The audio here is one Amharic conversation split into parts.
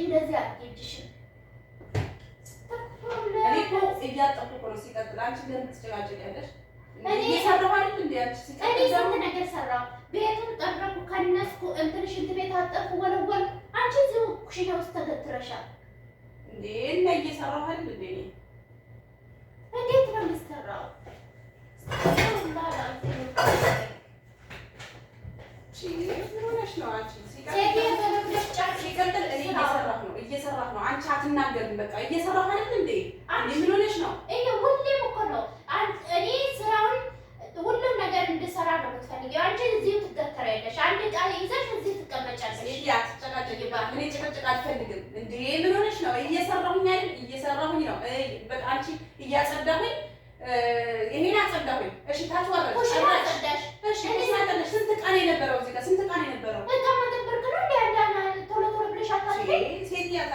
እንደዚህ እጅሽን አንቺ ለምን ትጨቃጨቂያለሽ? ስንት ነገር ሰራሁ። ቤቱን ጠረኩ፣ ከነስኩ፣ እንትን ሽንት ቤት አጠፉ፣ ወለወል። አንቺ እዚሁ ኩሽና ውስጥ ተገትረሻል። እንዴት ነው የምትሰራው? ሆነሽ ነው አንቺ እየሰራህ ነው? አንቺ አትናገርም። በቃ እየሰራህ አይደል እንዴ? አንቺ ምን ሆነሽ ነው? እኔ ሁሌም እኮ ነው እኔ ስራውን ሁሉም ነገር እንድሰራ ነው የምትፈልጊው። አንቺ እዚሁ ትገተሪያለሽ። አንድ ዕቃ ይዘሽ እዚሁ ትቀመጫለሽ። እሺ አትጨቃጨቂ። እኔ ጭቅጭቅ አልፈልግም። እንዴ ምን ሆነሽ ነው? እየሰራሁኝ አይደል? እየሰራሁኝ ነው። በቃ አንቺ እያጸዳሁኝ ይሄን አጸዳሁኝ። እሺ ታትዋረሽ እሺ ስንት ቃን የነበረው እዚህ ጋር ስንት ቃን የነበረው በቃ መጠበቅ ነው እንደ አንዳንድ ቶሎ ቶሎ ብለሽ አታድርጊ ሴት ያታ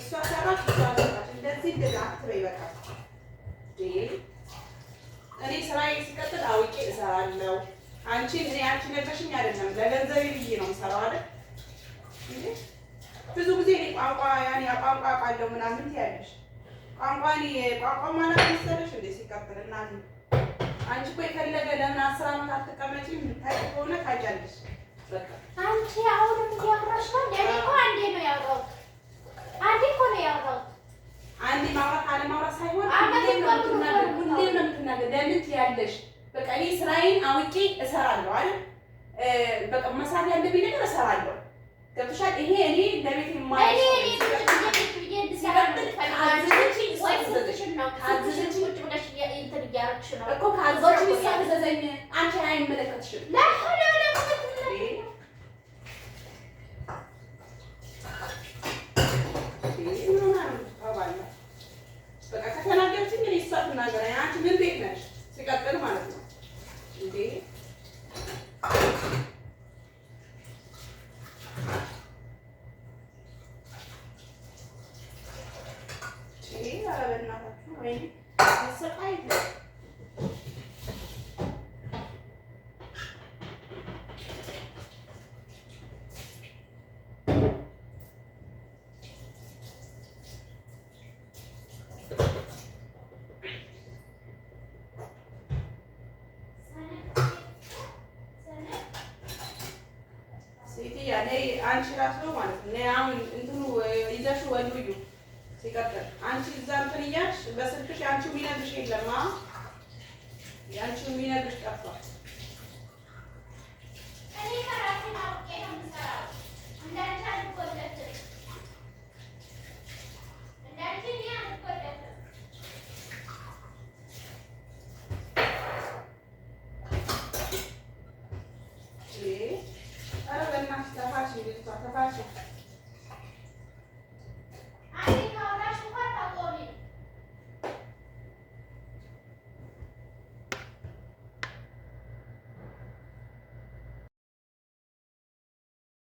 እሷ ሰራች፣ እሷ ሰራች። እንደዚህ እንደዛ አትበይ። በቃ እኔ ስራዬ ሲቀጥል አውቄ እሰራለሁ። አንቺ እኔ አንቺ ነበርሽኝ አይደለም ለገንዘቤ ብዬ ነው የምሰራው አይደል? ብዙ ጊዜ እኔ ቋንቋ ያኔ ቋንቋ ቃለው ምናምን ትያለሽ። ቋንቋ እኔ ቋንቋ ማለት መሰለሽ እንደ ሲቀጥል እናት አንቺ እኮ የፈለገ ለምን አስር ዓመት አትቀመጪም? የምታይ ከሆነ ታውቂያለሽ። አንቺ አሁንም እያወራሽ ነው። እኔ እኮ አንዴ ነው ያወራሁት አንዴ እኮ ነው ያወራሁት። አንዴ ማውራት አለማውራት ሳይሆን ሁሌም በቃ እኔ ስራዬን አውቄ እሰራለሁ አይደል? በቃ መስራት ያለብኝ ነገር እሰራለሁ። ገብቶሻል? ይሄ እኔ ለቤት የማይዘዘኝ አንቺን አይመለከትሽም አንቺ ራስ ነው ማለት ነው። አሁን እንትኑ ይዘሽ ወንዱ እዩ ሲቀጥል አንቺ እዛ እንትን እያልሽ በስልክሽ አንቺ የሚነግርሽ የለም። አንቺ የሚነግርሽ ጠፋ። 早餐饭吃。